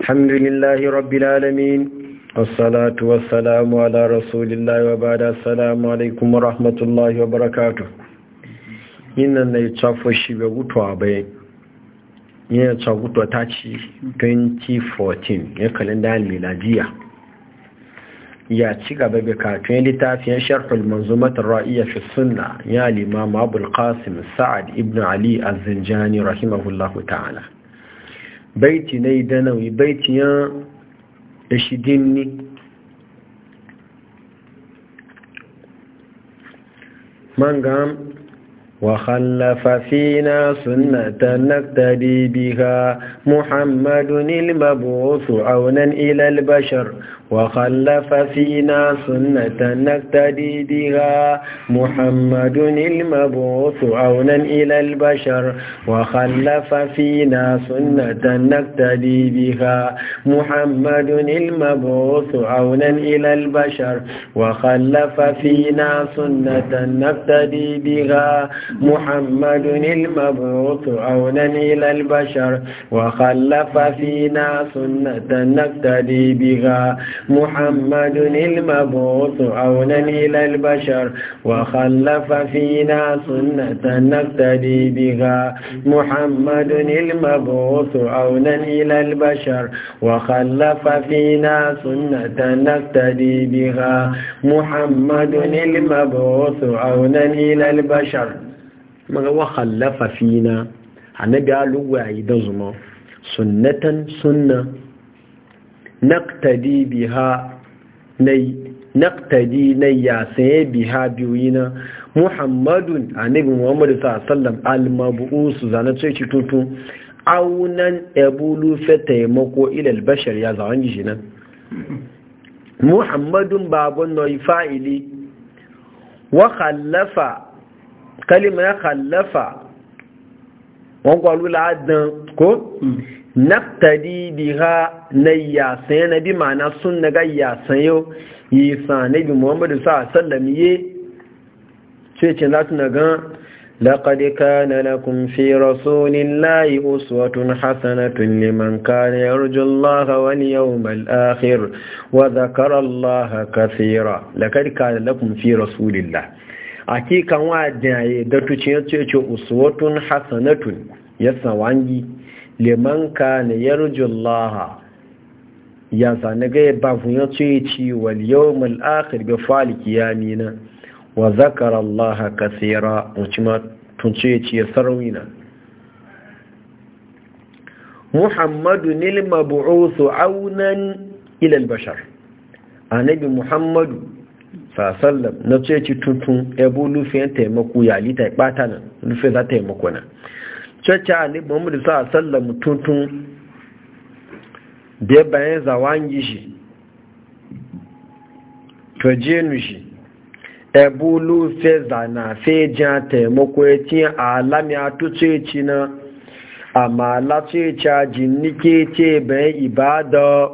الحمد لله رب العالمين والصلاة والسلام على رسول الله وبعد السلام عليكم ورحمة الله وبركاته ina na tsafo shi ga gutuwa ta ci 2014 ya kalenda miladiya ya ci gaba da katon littafin sharhul manzumat ra'iyya fi sunna ya limam abul qasim sa'ad ibn ali az-zinjani rahimahullahu ta'ala baiti na idanawi ya da shi dinni mangan wa khalafa na suna ta naktari biha muhammadu nilmabu su aunan ilal bashar وخلف فينا سنة نقتدي بها محمد المبعوث عونا إلى البشر وخلف فينا سنة نقتدي بها محمد المبعوث عونا إلى البشر وخلف فينا سنة نقتدي بها محمد المبعوث عونا إلى البشر وخلف فينا سنة نقتدي بها محمد المبعوث عونا إلى البشر وخلف فينا سنة نقتدي بها محمد المبعوث عونا إلى البشر وخلف فينا سنة نقتدي بها محمد المبعوث عونا إلى البشر وخلف فينا النبي ya luwaye da سنة سنة naktadi biha nai naktadi nai ya sai biha biyina muhammadun annabi muhammad sallallahu alaihi wasallam al-mab'us zana ce ki tutu aunan ebulu fe taimako ilal bashar ya zawon gishi nan muhammadun babun noi fa'ili wa khallafa kalima ya khallafa wọn kwalu la'adun ko naftadi biha na yasan nabi ma'ana sun na ga yasan yau yi sa nabi muhammadu sa sallam ye ce ce na tuna gan laƙar ka na fi rasulun hasanatun liman kare ya rujo wani akhir wa zakar allaha kafira laƙar ka na fi a wa dinaye ya ce ce usuwatun hasanatun ya liman kana yarjullaha ya sani ga ba fun ya ce ci wal yawmul akhir bi faliki yamina wa zakara Allah kaseera mucima tun ce ci sarwina Muhammadu nil mab'usu aunan ila al-bashar annabi Muhammadu sallallahu na ce ci tuntun ebu lufiyan taimako ya lita ipata nan za taimako nan caca ne muhammadu sa sallam tuntun da ya bayan zawangi shi tojenu shi ebulu zana na jan taimako ya ci alami a na amma lati ca ce bayan ibada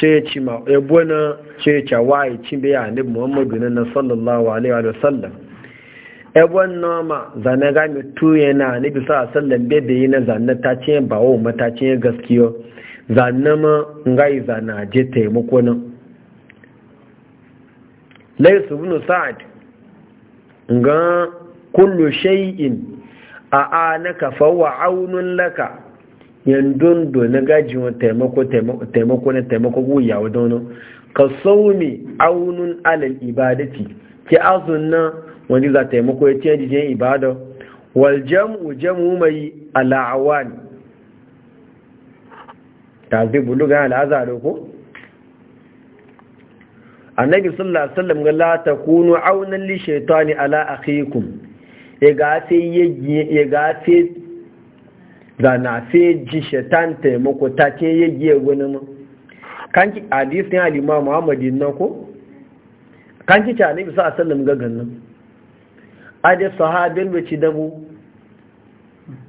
ce ci ma ebona ce wa bayan ne muhammadu na sallallahu alaihi wa sallam ebon noma zane gami tuye yana ne bisa sallan bebe yi na zane ta ce ba wa mata gaskiyo zane ma ngai zana je taimako Lai su ibn sa'ad ga kullu shay'in a a na kafa wa aunun laka yandun do na wa taimako taimako na taimako dono ka saumi aunun alal ibadati ki azunna wani za taimako ya ce jijen ibada Waljamu, jam'u mai al'awan ta zai bulu gani al'azaro ko annabi sallallahu alaihi wasallam ga lata takunu aunan li shaytani ala akhikum ya ga sai ya ga sai da na sai ji shaytan taimako ta ce yagiye wani mu kan ki hadisin al-imam Muhammadu nako kan ki ta annabi sallallahu alaihi wasallam ga gannan ade sahabin da ci dabu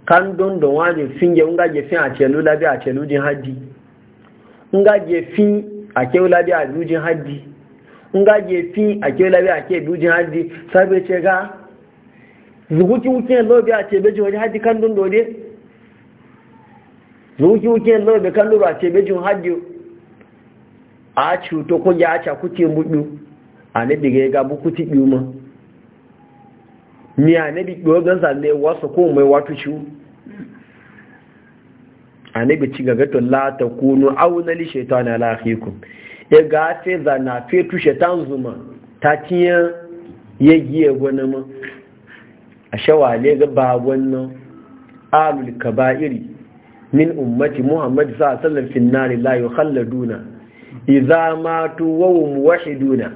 kan don don wani finge nga je fin a celu labi a celu jin haddi nga je fin a keu labi a jujin haddi nga je fin a keu labi a ke jujin haddi sabe ce ga zuguki wuce lobe a ce bejin wani haddi kan don dode zuguki wuce lobe kan don a ce bejin haddi a cuto ko ya a cakuce mudu a ne diga ya gabu kuti biyu ma ni anabi dogon zalle wasu ko mai wato shi anabi ci gaga to la ta kunu auna li shaytana la akhikum ya e ga fe za na fe tu zuma ta tiya ya giye gona ma a shawale ga ba wannan alul kaba'iri min ummati muhammad sallallahu alaihi wasallam fi la yukhalladuna idza matu wa hum wahiduna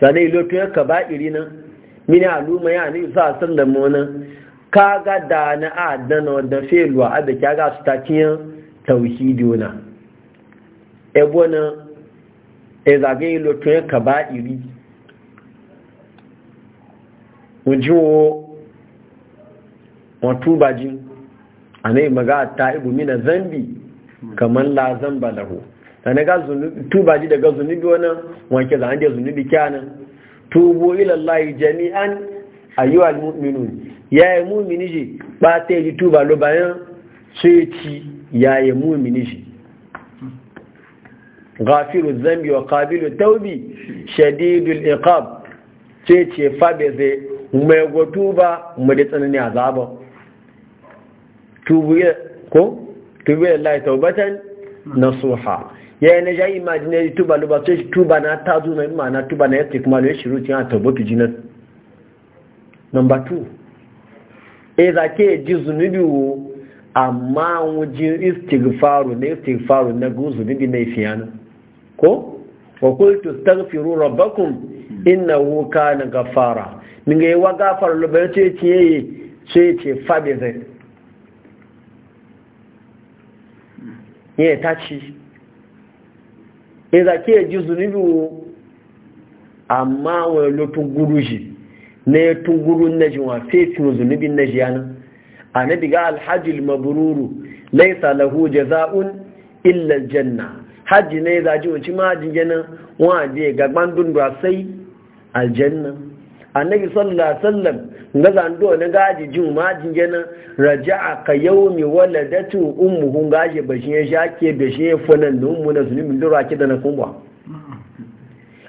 zane ilo to kaba'iri nan mini aluma ya ni sa san da monan kaga da na adana da feluwa a da kaga su kiyan tauhidi na ebo na e, e zage ilo to ya kaba iri ujuwo wato bajin anai maga ta ibu mina zambi kamar la zamba lahu na ga zunubi tubaji daga zunubi wannan wanke zanje zunubi kyanan tubu ilallahi jami'an ayyuhal mu'minun yayi mu'mini ji ba ta yi tuba lo bayan sai ci yayi mu'mini ji ghafiru dhanbi wa qabilu tawbi shadidul iqab sai ce fa be zai mai go tuba mu da tsanani azaba tubu ko tubu ilallahi tawbatan nasuha ya na jayi tuba lo ba tuba na tazu na imana tuba na yake kuma lo ya shiru tin ta boki number 2 eh zake ji zunubi wo amma wujin istighfaru ne istighfaru na go zunubi ne fiyana ko wa qultu astaghfiru rabbakum innahu kana ghafara ninga yi wa gafar lo ba ce ce ce ce zai ye ta ci za a ji zunubi amma wani lotun guru shi na ya tun guru na ji wa fefin zunubin na ji a na diga alhajjil mabururu laisa lahu jaza'un illa janna hajji ne za ji wuce ma hajji ganin wa je gagban dundura sai aljanna annabi sallallahu alaihi wasallam ga zando na gaji jin majin raja'a ka yawmi waladatu ummuhu gaji bashin ya shake bashin ya funan da ummu na zulmi dura ki da na kunwa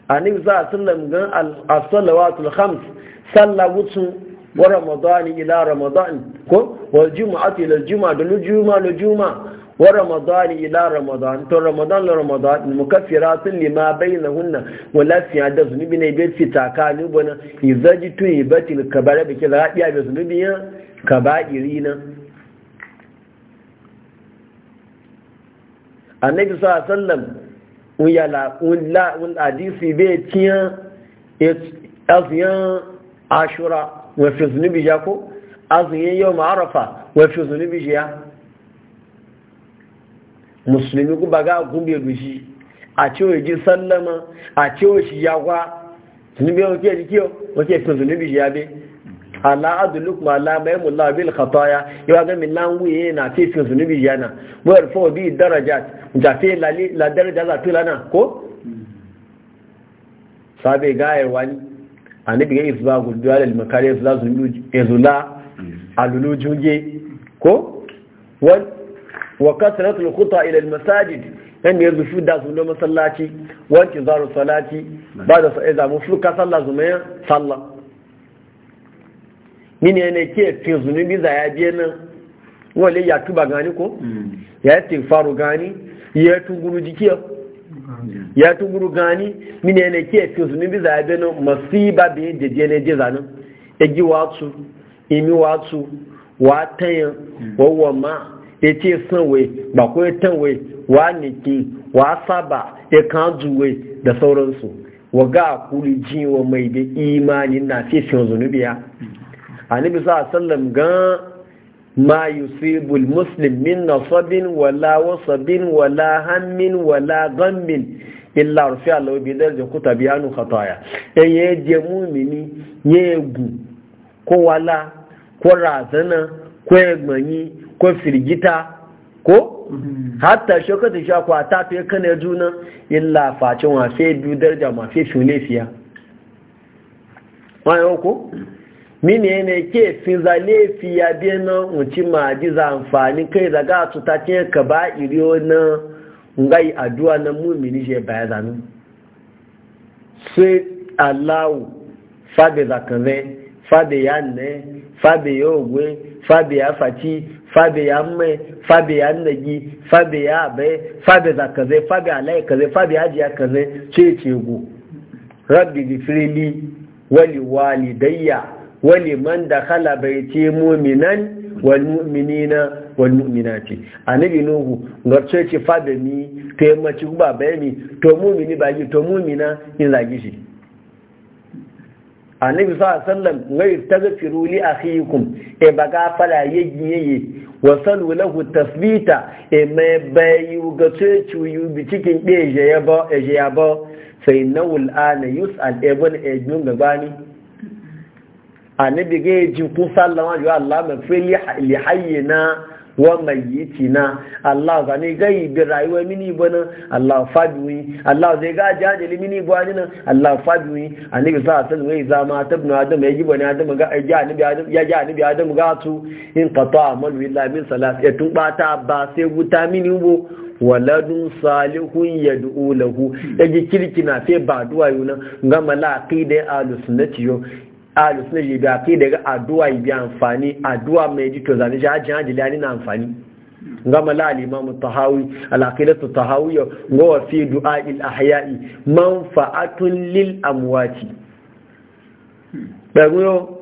annabi sallallahu alaihi wasallam ga as-salawatul khams sallawatu wa ramadan ila ramadan ko wal jumu'ati ila al-jumu'a da lujuma jumua jumua wa ramadan ila ramadan to ramadan la ramadan mukaffiratun lima bainahunna wa la fi hada zunubi ne bai ci takani bana izaji tu ibatil kabara bi kila hadiya bi zunubi ya kaba'irina annabi sallallahu alaihi wasallam un yala un la un hadisi bai tiya aziyan ashura wa fi zunubi jako aziyan yawm arafa wa fi zunubi ya musulmi ku ba ga gumbe gushi a cewa ji sallama a cewa shi ya kwa zunubi ya wuce jikiyo wace fi zunubi ya be ala aduluk ma la mai mulla bil khataya yawa ga min lan wuye na fi fi zunubi ya na mu yarfa bi daraja, da fi la daraja za tu lana ko sabe ga ya wani annabi ga isba gudu alal makare isla zunubi ezula alulujuje ko wani wa kasratul khuta ila al-masajid kan yanzu fi da su masallaci wanki zaru salati ba da sai da mu fuka sallah zumaya sallah mini ne ke fi zunubi za ya biye nan wale ya tuba gani ko ya tifaru gani ya tunguru jikiya ya tunguru gani mini ne ke fi zunubi za ya biye nan masiba bi jeje ne je nan egi watsu imi watsu watayin wa ma ete sanwe ba ko tanwe wa niki wa saba e kan da sauransu wa ga kuli wa mai da imani na fi zunubiya? A annabi sa sallam ga ma yusibul muslim min nasabin wala wasabin wala hammin wala ghammin illa rufi Allah bi darja kutabi anu khataya en ye je mumini ye egu ko wala ko razana ko egbanyin ko firgita ko mhm. hatta shoka ta sha kwa ta fiye kanar juna illa facin wafe biyu darja mafi shune fiya wani ko mini yana ke finza laifiya biyu na wuce ma ji za amfani kai daga su ta ce ka ba iriyo na ngai aduwa na mummini shi baya zanu sai allahu fadi zakanzai fadi yanne fabe ya ogwe fabe ya faci fabe ya mai fabe ya nagi fabe ya abai fabe za kaze fabe alai kaze fabe ya jiya kaze ceci ce gu rabbi gifrili wali walidayya wali man da khala bai ce muminan wani mu'minina ce a nabi nuhu ga ce fabe mi ta maci ba bai mi to mumini ba yi to mumina in zagi shi annabi sa sallam ngai tagfiru li akhikum e baga fala yeji yeye wa salu lahu tasbita e mai bayu ga tsechu yu bi cikin deje ya ba eje ya ba sai nawul ana yusal e bon e jun gabani annabi ga ji ku sallama ju Allah ma fi li hayyina wa mayyiti na Allah zane gai bi rayuwa mini bana Allah fabiwi Allah zai ga jajali mini bani nan Allah Ani annabi sa sallu wai zama tabnu adam ya gibani adam ga ya annabi adam ya ga annabi adam ga tu in qata amalu illa min salat ya tun bata ba sai guta mini bo waladun salihun yad'u lahu yaji kirkina sai ba duwayo nan ga malaqi da ya sunnati yo ahlu sunna yi ga kai daga addu'a yi bi amfani addu'a mai jito to zane ji hajji hajji lani na amfani gama la al-imam at-tahawi al-aqidatu at-tahawiyya wa fi du'a il ahyai manfa'atun lil amwati bagulo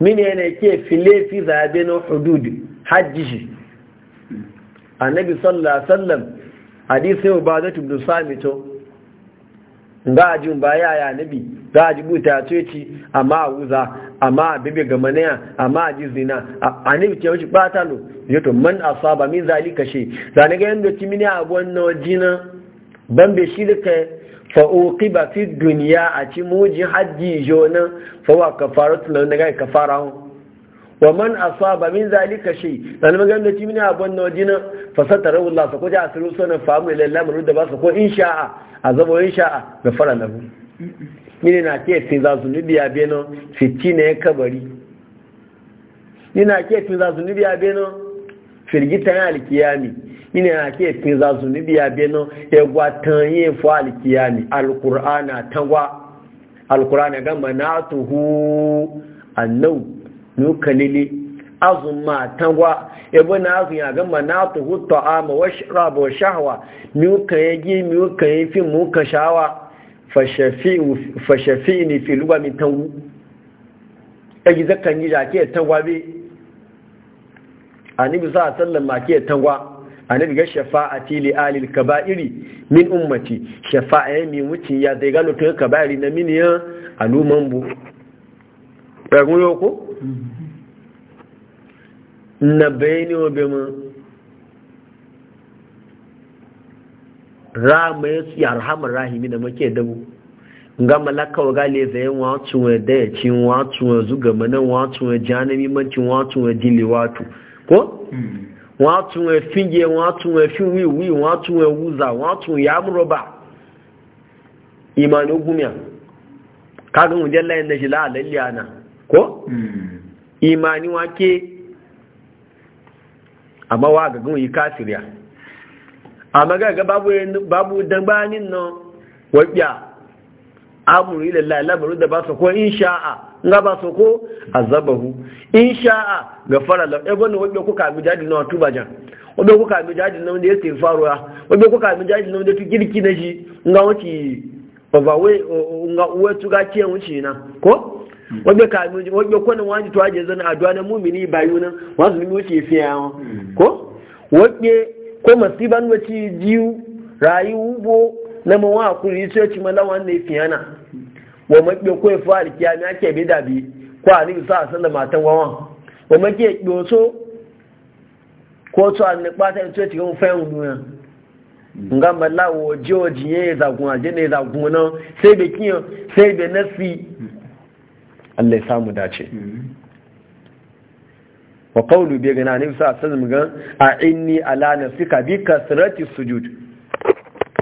Min ne ke file fi zabe no hudud hajji annabi sallallahu alaihi wasallam hadisi ubadatu ibn samito ga a ba ya ya nabi a ji buta ce a amma wuza amma bibi ga manaya amma ji zina a anabi ce wuce bata lo to man saba min zalika shi zane ga ci mini a wannan jina ban be shi duka fa ba fi duniya a ci muji hajji jona fa wa kafaratu lan daga kafara wa man asaba min zalika shay dan magan da timina abun na wajina fasatara Allah sa ko ja asiru sana famu ila Allah mu da ba sa ko insha'a azabo insha'a gafara lahu Min na ke tin za zunubi ya beno fitina ya kabari mine na ke tin za zunubi ya beno firgita ya alkiyami mine na ke tin za zunubi ya beno ya gwatan yin fa alkiyami alqur'ana tangwa alqur'ana gamba na tuhu annau nukalili azuma tangwa ebe na azu ya gama na tuhu ta'ama wa shraba shahwa nuka yaji nuka yafi muka shawa fa shafi'u fa shafi'ni fi luba min tangu aji e zakan yi jake tanwa bi annabi sa sallama ke tangwa annabi ga shafa'ati li alil kaba'iri min ummati shafa'a mi wuci ya dai galo to kaba'iri na miniyan aluman bu ko na bayani ma. Ra rama ya su yarhamar rahimi da ya dabu nga malaka wa gale zayen watu wa dayaci watu wa zuga mana watu wa janami manci watu wa dili watu ko watu wa finge watu wa fi wiwi watu wa wuza watu ya muroba imanu gumiya kaga mu jalla yana shi la na ko hmm. imani wake amma wa gagun yi kafiriya amma gaga babu dan dambanin nan wabiya amuru ila labaru da ba su ko insha'a nga ba su ko azabahu insha'a gafara la e jadi na tuba jan wabiya ko jadi na wanda yake faruwa wabiya ko kami jadi na wanda tu girki na shi nga na wadda kamun wadda kwanan wani tuwa je zana aduwa na mummini bayu nan wasu mimi wuce fiye yawon ko wadda ko masiban wace jiyu rayu ugbo na mawa kuri sai ci malawa ne fiyana wa mabe ko fa alkiyami ake bi da kwa ko ani san da matan wawa wa make doso ko to an ne pata to ci gon fayan duniya nga malawo joji aje ne sai sai be nasi Allah ya samu dace wa qawlu bi gana ne sa sallama a inni ala nafsika bi kasrati sujud